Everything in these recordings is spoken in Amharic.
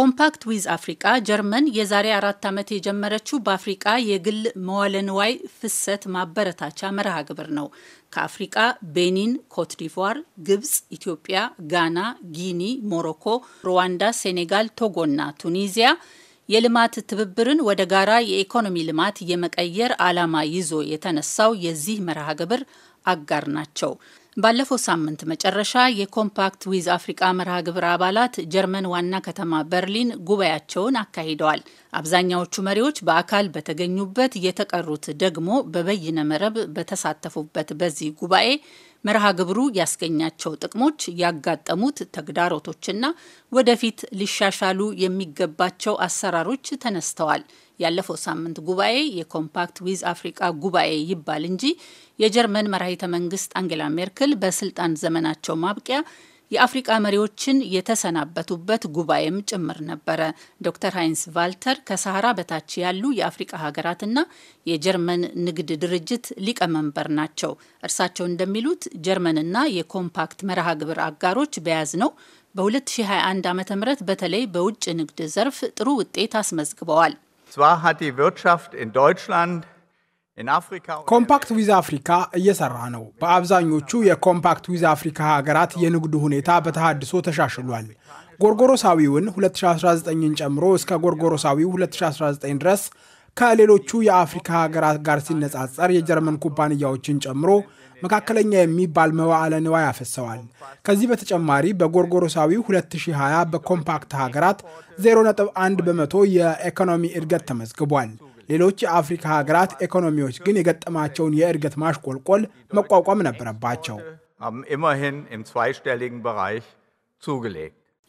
ኮምፓክት ዊዝ አፍሪቃ ጀርመን የዛሬ አራት ዓመት የጀመረችው በአፍሪቃ የግል መዋለንዋይ ፍሰት ማበረታቻ መርሃ ግብር ነው። ከአፍሪቃ ቤኒን፣ ኮትዲቯር፣ ግብጽ፣ ኢትዮጵያ፣ ጋና፣ ጊኒ፣ ሞሮኮ፣ ሩዋንዳ፣ ሴኔጋል፣ ቶጎና ቱኒዚያ የልማት ትብብርን ወደ ጋራ የኢኮኖሚ ልማት የመቀየር ዓላማ ይዞ የተነሳው የዚህ መርሃ ግብር አጋር ናቸው። ባለፈው ሳምንት መጨረሻ የኮምፓክት ዊዝ አፍሪቃ መርሃ ግብር አባላት ጀርመን ዋና ከተማ በርሊን ጉባኤያቸውን አካሂደዋል። አብዛኛዎቹ መሪዎች በአካል በተገኙበት፣ የተቀሩት ደግሞ በበይነ መረብ በተሳተፉበት በዚህ ጉባኤ መርሃ ግብሩ ያስገኛቸው ጥቅሞች፣ ያጋጠሙት ተግዳሮቶችና ወደፊት ሊሻሻሉ የሚገባቸው አሰራሮች ተነስተዋል። ያለፈው ሳምንት ጉባኤ የኮምፓክት ዊዝ አፍሪቃ ጉባኤ ይባል እንጂ የጀርመን መራሂተ መንግስት አንጌላ ሜርክል በስልጣን ዘመናቸው ማብቂያ የአፍሪቃ መሪዎችን የተሰናበቱበት ጉባኤም ጭምር ነበረ። ዶክተር ሃይንስ ቫልተር ከሰሃራ በታች ያሉ የአፍሪቃ ሀገራትና የጀርመን ንግድ ድርጅት ሊቀመንበር ናቸው። እርሳቸው እንደሚሉት ጀርመንና የኮምፓክት መርሃ ግብር አጋሮች በያዝ ነው በ2021 ዓ ም በተለይ በውጭ ንግድ ዘርፍ ጥሩ ውጤት አስመዝግበዋል። ኮምፓክት ዊዝ አፍሪካ እየሰራ ነው። በአብዛኞቹ የኮምፓክት ዊዝ አፍሪካ ሀገራት የንግዱ ሁኔታ በተሃድሶ ተሻሽሏል። ጎርጎሮሳዊውን 2019ን ጨምሮ እስከ ጎርጎሮሳዊው 2019 ድረስ ከሌሎቹ የአፍሪካ ሀገራት ጋር ሲነጻጸር የጀርመን ኩባንያዎችን ጨምሮ መካከለኛ የሚባል መዋዕለ ንዋይ ያፈሰዋል። ከዚህ በተጨማሪ በጎርጎሮሳዊ 2020 በኮምፓክት ሀገራት 0.1 በመቶ የኢኮኖሚ እድገት ተመዝግቧል። ሌሎች የአፍሪካ ሀገራት ኢኮኖሚዎች ግን የገጠማቸውን የእድገት ማሽቆልቆል መቋቋም ነበረባቸው።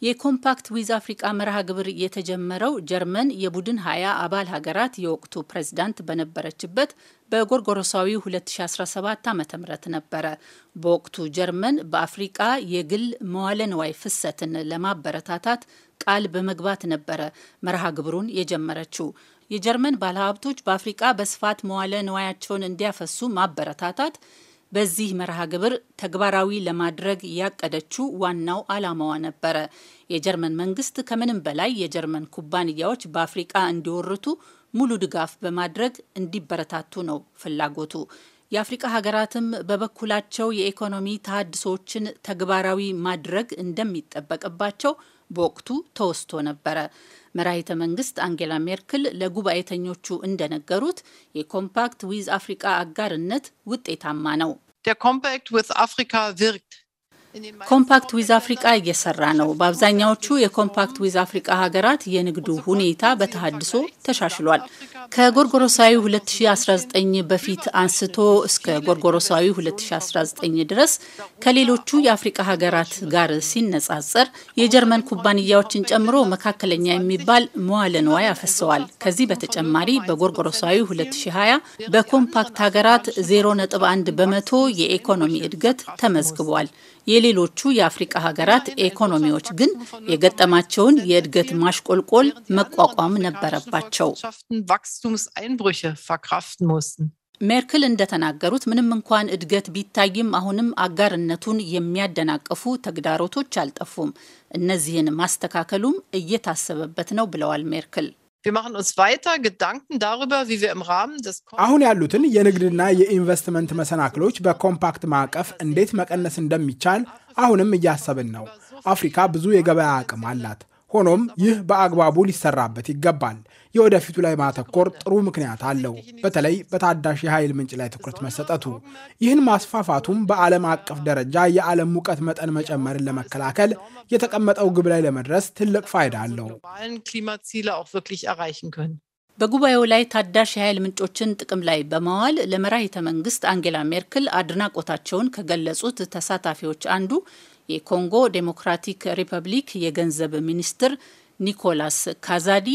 የኮምፓክት ዊዝ አፍሪቃ መርሃ ግብር የተጀመረው ጀርመን የቡድን ሀያ አባል ሀገራት የወቅቱ ፕሬዝዳንት በነበረችበት በጎርጎሮሳዊ 2017 ዓ ም ነበረ። በወቅቱ ጀርመን በአፍሪቃ የግል መዋለ ፍሰትን ለማበረታታት ቃል በመግባት ነበረ መርሃ ግብሩን የጀመረችው። የጀርመን ባለሀብቶች በአፍሪቃ በስፋት መዋለ ንዋያቸውን እንዲያፈሱ ማበረታታት በዚህ መርሃ ግብር ተግባራዊ ለማድረግ ያቀደችው ዋናው ዓላማዋ ነበረ። የጀርመን መንግስት ከምንም በላይ የጀርመን ኩባንያዎች በአፍሪቃ እንዲወርቱ ሙሉ ድጋፍ በማድረግ እንዲበረታቱ ነው ፍላጎቱ። የአፍሪቃ ሀገራትም በበኩላቸው የኢኮኖሚ ተሃድሶዎችን ተግባራዊ ማድረግ እንደሚጠበቅባቸው በወቅቱ ተወስቶ ነበረ። መራሂተ መንግስት አንጌላ ሜርክል ለጉባኤተኞቹ እንደነገሩት የኮምፓክት ዊዝ አፍሪካ አጋርነት ውጤታማ ነው። ኮምፓክት ዊዝ አፍሪቃ እየሰራ ነው። በአብዛኛዎቹ የኮምፓክት ዊዝ አፍሪቃ ሀገራት የንግዱ ሁኔታ በተሃድሶ ተሻሽሏል። ከጎርጎሮሳዊ 2019 በፊት አንስቶ እስከ ጎርጎሮሳዊ 2019 ድረስ ከሌሎቹ የአፍሪቃ ሀገራት ጋር ሲነጻጸር የጀርመን ኩባንያዎችን ጨምሮ መካከለኛ የሚባል መዋለ ንዋይ አፈሰዋል። ከዚህ በተጨማሪ በጎርጎሮሳዊ 2020 በኮምፓክት ሀገራት 0.1 በመቶ የኢኮኖሚ እድገት ተመዝግቧል። የሌሎቹ የአፍሪቃ ሀገራት ኢኮኖሚዎች ግን የገጠማቸውን የእድገት ማሽቆልቆል መቋቋም ነበረባቸው። ሜርክል እንደተናገሩት ምንም እንኳን እድገት ቢታይም አሁንም አጋርነቱን የሚያደናቅፉ ተግዳሮቶች አልጠፉም፣ እነዚህን ማስተካከሉም እየታሰበበት ነው ብለዋል ሜርክል። Wir machen uns weiter Gedanken darüber, wie wir im Rahmen des አሁን ያሉትን የንግድና የኢንቨስትመንት መሰናክሎች በኮምፓክት ማዕቀፍ እንዴት መቀነስ እንደሚቻል አሁንም እያሰብን ነው። አፍሪካ ብዙ የገበያ አቅም አላት። ሆኖም ይህ በአግባቡ ሊሰራበት ይገባል። የወደፊቱ ላይ ማተኮር ጥሩ ምክንያት አለው፣ በተለይ በታዳሽ የኃይል ምንጭ ላይ ትኩረት መሰጠቱ። ይህን ማስፋፋቱም በዓለም አቀፍ ደረጃ የዓለም ሙቀት መጠን መጨመርን ለመከላከል የተቀመጠው ግብ ላይ ለመድረስ ትልቅ ፋይዳ አለው። በጉባኤው ላይ ታዳሽ የኃይል ምንጮችን ጥቅም ላይ በማዋል ለመራሂተ መንግስት አንጌላ ሜርክል አድናቆታቸውን ከገለጹት ተሳታፊዎች አንዱ የኮንጎ ዴሞክራቲክ ሪፐብሊክ የገንዘብ ሚኒስትር ኒኮላስ ካዛዲ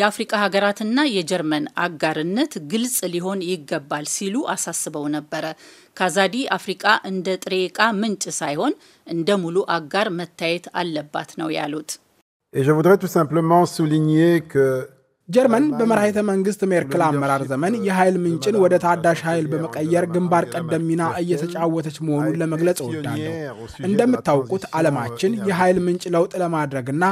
የአፍሪቃ ሀገራትና የጀርመን አጋርነት ግልጽ ሊሆን ይገባል ሲሉ አሳስበው ነበረ። ካዛዲ አፍሪቃ እንደ ጥሬ ዕቃ ምንጭ ሳይሆን እንደ ሙሉ አጋር መታየት አለባት ነው ያሉት። ጀርመን በመራሄተ መንግስት ሜርክል አመራር ዘመን የኃይል ምንጭን ወደ ታዳሽ ኃይል በመቀየር ግንባር ቀደም ሚና እየተጫወተች መሆኑን ለመግለጽ እወዳለሁ። እንደምታውቁት ዓለማችን የኃይል ምንጭ ለውጥ ለማድረግና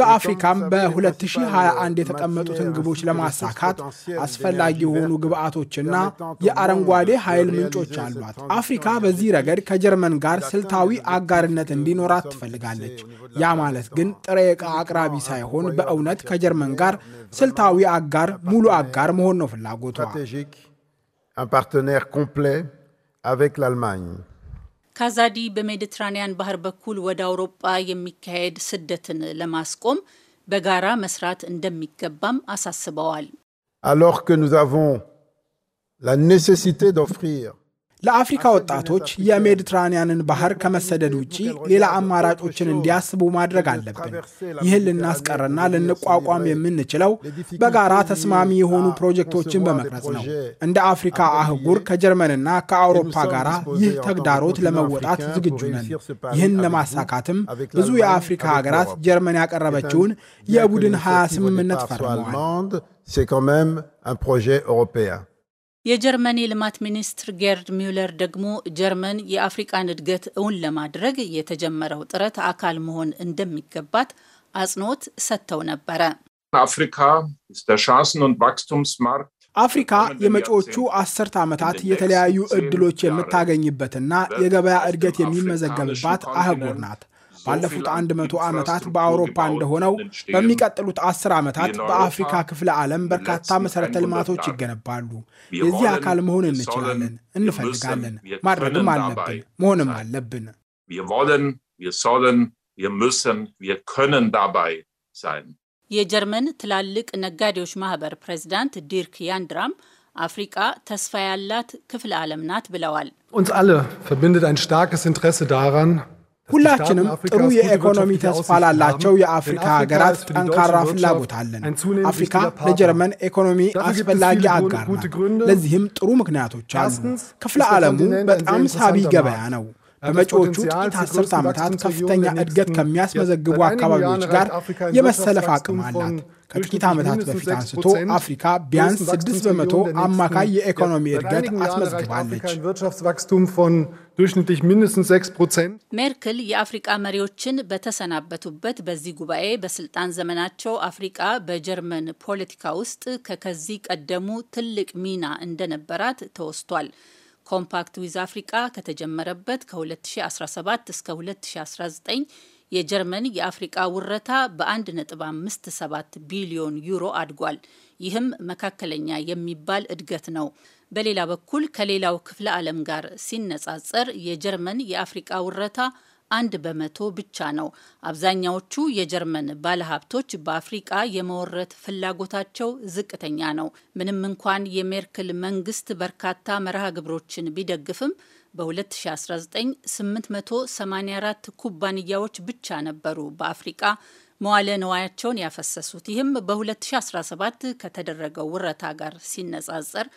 በአፍሪካም በ2021 የተቀመጡትን ግቦች ለማሳካት አስፈላጊ የሆኑ ግብአቶችና የአረንጓዴ ኃይል ምንጮች አሏት። አፍሪካ በዚህ ረገድ ከጀርመን ጋር ስልታዊ አጋርነት እንዲኖራት ትፈልጋለች። ያ ማለት ግን ጥሬ ዕቃ አቅራቢ ሳይሆን በእውነት ከጀርመን ጋር ስልታዊ አጋር፣ ሙሉ አጋር መሆን ነው ፍላጎቷ። ካዛዲ በሜዲትራኒያን ባህር በኩል ወደ አውሮጳ የሚካሄድ ስደትን ለማስቆም በጋራ መስራት እንደሚገባም አሳስበዋል። አሎር que nous ላ ኔሴሲቴ ዶፍሪር ለአፍሪካ ወጣቶች የሜዲትራንያንን ባህር ከመሰደድ ውጪ ሌላ አማራጮችን እንዲያስቡ ማድረግ አለብን። ይህን ልናስቀርና ልንቋቋም የምንችለው በጋራ ተስማሚ የሆኑ ፕሮጀክቶችን በመቅረጽ ነው። እንደ አፍሪካ አህጉር ከጀርመንና ከአውሮፓ ጋር ይህ ተግዳሮት ለመወጣት ዝግጁ ነን። ይህን ለማሳካትም ብዙ የአፍሪካ ሀገራት ጀርመን ያቀረበችውን የቡድን ሀያ ስምምነት ፈርመዋል። የጀርመን የልማት ሚኒስትር ጌርድ ሚውለር ደግሞ ጀርመን የአፍሪቃን እድገት እውን ለማድረግ የተጀመረው ጥረት አካል መሆን እንደሚገባት አጽንኦት ሰጥተው ነበረ። አፍሪካ የመጪዎቹ አስርት ዓመታት የተለያዩ እድሎች የምታገኝበትና የገበያ እድገት የሚመዘገብባት አህጉር ናት። ባለፉት አንድ መቶ ዓመታት በአውሮፓ እንደሆነው በሚቀጥሉት አስር ዓመታት በአፍሪካ ክፍለ ዓለም በርካታ መሠረተ ልማቶች ይገነባሉ። የዚህ አካል መሆን እንችላለን፣ እንፈልጋለን፣ ማድረግም አለብን፣ መሆንም አለብን። የጀርመን ትላልቅ ነጋዴዎች ማህበር ፕሬዚዳንት ዲርክ ያንድራም አፍሪቃ ተስፋ ያላት ክፍለ ዓለም ናት ብለዋል። uns alle verbindet ein starkes Interesse daran, ሁላችንም ጥሩ የኢኮኖሚ ተስፋ ላላቸው የአፍሪካ ሀገራት ጠንካራ ፍላጎት አለን። አፍሪካ ለጀርመን ኢኮኖሚ አስፈላጊ አጋር ናት። ለዚህም ጥሩ ምክንያቶች አሉ። ክፍለ ዓለሙ በጣም ሳቢ ገበያ ነው። በመጪዎቹ ጥቂት አስርት ዓመታት ከፍተኛ እድገት ከሚያስመዘግቡ አካባቢዎች ጋር የመሰለፍ አቅም አላት። ከጥቂት ዓመታት በፊት አንስቶ አፍሪካ ቢያንስ 6 በመቶ አማካይ የኢኮኖሚ እድገት አስመዝግባለች። ሜርክል የአፍሪቃ መሪዎችን በተሰናበቱበት በዚህ ጉባኤ በስልጣን ዘመናቸው አፍሪቃ በጀርመን ፖለቲካ ውስጥ ከከዚህ ቀደሙ ትልቅ ሚና እንደነበራት ተወስቷል። ኮምፓክት ዊዝ አፍሪቃ ከተጀመረበት ከ2017 እስከ 2019 የጀርመን የአፍሪቃ ውረታ በ1.57 ቢሊዮን ዩሮ አድጓል። ይህም መካከለኛ የሚባል እድገት ነው። በሌላ በኩል ከሌላው ክፍለ ዓለም ጋር ሲነጻጸር የጀርመን የአፍሪቃ ውረታ አንድ በመቶ ብቻ ነው። አብዛኛዎቹ የጀርመን ባለሀብቶች በአፍሪቃ የመወረት ፍላጎታቸው ዝቅተኛ ነው። ምንም እንኳን የሜርክል መንግስት በርካታ መርሃ ግብሮችን ቢደግፍም በ2019 884 ኩባንያዎች ብቻ ነበሩ በአፍሪቃ መዋለ ንዋያቸውን ያፈሰሱት። ይህም በ2017 ከተደረገው ውረታ ጋር ሲነጻጸር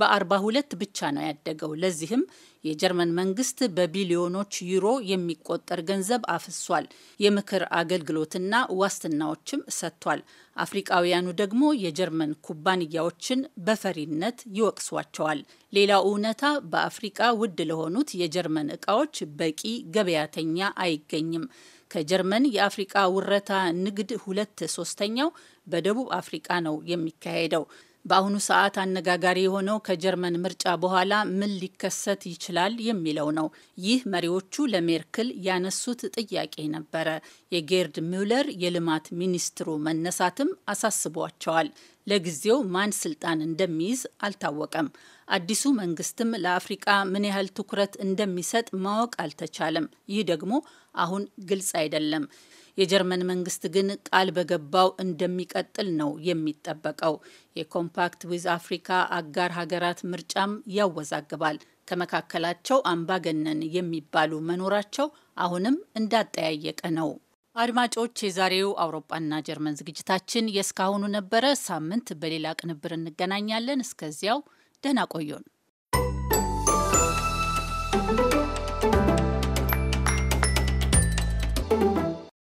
በ42 ብቻ ነው ያደገው። ለዚህም የጀርመን መንግስት በቢሊዮኖች ዩሮ የሚቆጠር ገንዘብ አፍሷል። የምክር አገልግሎትና ዋስትናዎችም ሰጥቷል። አፍሪቃውያኑ ደግሞ የጀርመን ኩባንያዎችን በፈሪነት ይወቅሷቸዋል። ሌላው እውነታ በአፍሪቃ ውድ ለሆኑት የጀርመን እቃዎች በቂ ገበያተኛ አይገኝም። ከጀርመን የአፍሪቃ ውረታ ንግድ ሁለት ሶስተኛው በደቡብ አፍሪቃ ነው የሚካሄደው። በአሁኑ ሰዓት አነጋጋሪ የሆነው ከጀርመን ምርጫ በኋላ ምን ሊከሰት ይችላል የሚለው ነው። ይህ መሪዎቹ ለሜርክል ያነሱት ጥያቄ ነበረ። የጌርድ ሚውለር የልማት ሚኒስትሩ መነሳትም አሳስቧቸዋል። ለጊዜው ማን ስልጣን እንደሚይዝ አልታወቀም። አዲሱ መንግስትም ለአፍሪቃ ምን ያህል ትኩረት እንደሚሰጥ ማወቅ አልተቻለም። ይህ ደግሞ አሁን ግልጽ አይደለም። የጀርመን መንግስት ግን ቃል በገባው እንደሚቀጥል ነው የሚጠበቀው። የኮምፓክት ዊዝ አፍሪካ አጋር ሀገራት ምርጫም ያወዛግባል። ከመካከላቸው አምባገነን የሚባሉ መኖራቸው አሁንም እንዳጠያየቀ ነው። አድማጮች፣ የዛሬው አውሮፓና ጀርመን ዝግጅታችን የእስካሁኑ ነበረ። ሳምንት በሌላ ቅንብር እንገናኛለን። እስከዚያው ደህና ቆዩን።